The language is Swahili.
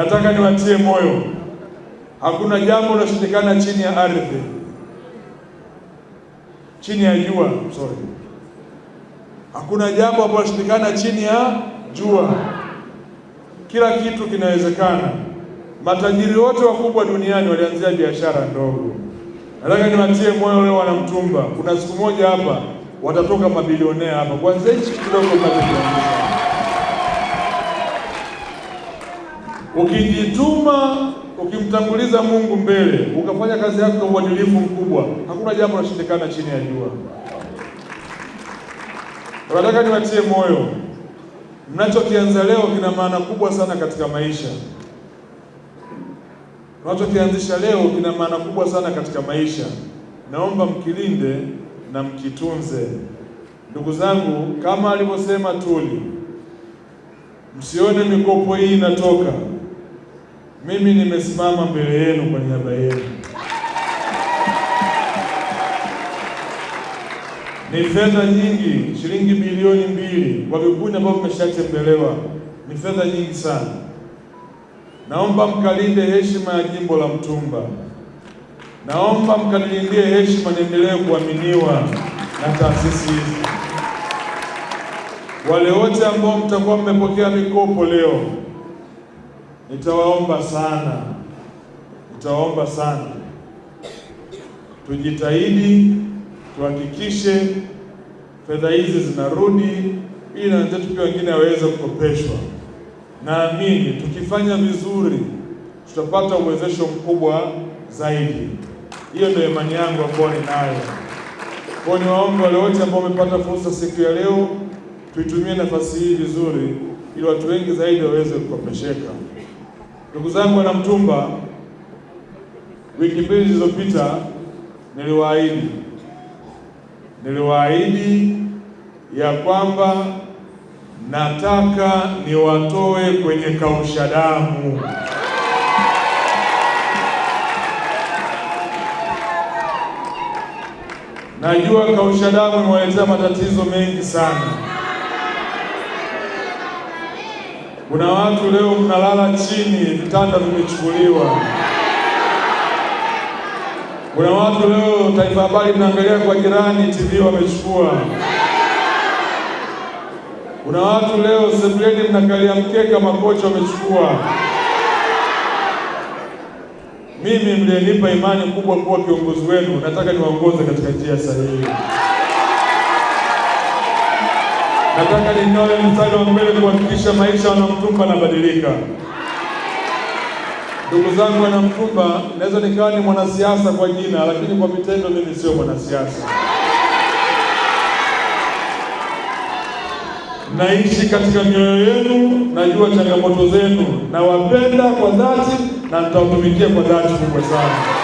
Nataka niwatie moyo, hakuna jambo linashindikana chini ya ardhi, chini ya jua, sorry, hakuna jambo ambalo linashindikana chini ya jua. Kila kitu kinawezekana. Matajiri wote wakubwa duniani walianzia biashara ndogo. Nataka niwatie moyo leo, Wanamtumba, kuna siku moja hapa watatoka mabilionea hapa, kwanza hichi kidogo. Ukijituma, ukimtanguliza Mungu mbele, ukafanya kazi yako kwa uadilifu mkubwa, hakuna jambo linashindikana chini ya jua. Nataka niwatie moyo, mnachokianza leo kina maana kubwa sana katika maisha. Mnachokianzisha leo kina maana kubwa sana katika maisha. Naomba mkilinde na mkitunze. Ndugu zangu, kama alivyosema Tuli, msione mikopo hii inatoka mimi nimesimama mbele yenu kwa niaba yenu. Ni fedha nyingi, shilingi bilioni mbili kwa vikundi ambavyo vimeshatembelewa, ni fedha nyingi sana. Naomba mkalinde heshima ya jimbo la Mtumba, naomba mkanilindie heshima, niendelee kuaminiwa na taasisi hizi. Wale wote ambao mtakuwa mmepokea mikopo leo Nitawaomba sana, nitawaomba sana tujitahidi tuhakikishe fedha hizi zinarudi ili na wenzetu pia wengine waweze kukopeshwa. Naamini tukifanya vizuri tutapata uwezesho mkubwa zaidi. Hiyo ndio imani yangu ambayo ninayo. Kwa ni waombe wale wote ambao wamepata fursa siku ya leo tuitumie nafasi hii vizuri, ili watu wengi zaidi waweze kukopesheka. Ndugu zangu wana Mtumba, wiki mbili zilizopita niliwaahidi, niliwaahidi ya kwamba nataka niwatoe kwenye kausha damu. Najua kausha damu imewaletea matatizo mengi sana Kuna watu leo mnalala chini, vitanda vimechukuliwa. Kuna watu leo Taifa Habari mnaangalia kwa jirani, TV wamechukua. Kuna watu leo sebuleni mnakalia mkeka, makocha wamechukua. Mimi mlienipa imani kubwa kuwa kiongozi wenu, nataka niwaongoze katika njia sahihi. Nataka ninawe mstari wa mbele kuhakikisha maisha wanamtumba yanabadilika. Ndugu zangu, wanamtumba naweza nikawa ni mwanasiasa kwa jina, lakini kwa vitendo mimi sio mwanasiasa. Naishi katika mioyo yenu, najua changamoto zenu, nawapenda kwa dhati na nitawatumikia kwa dhati kubwa sana.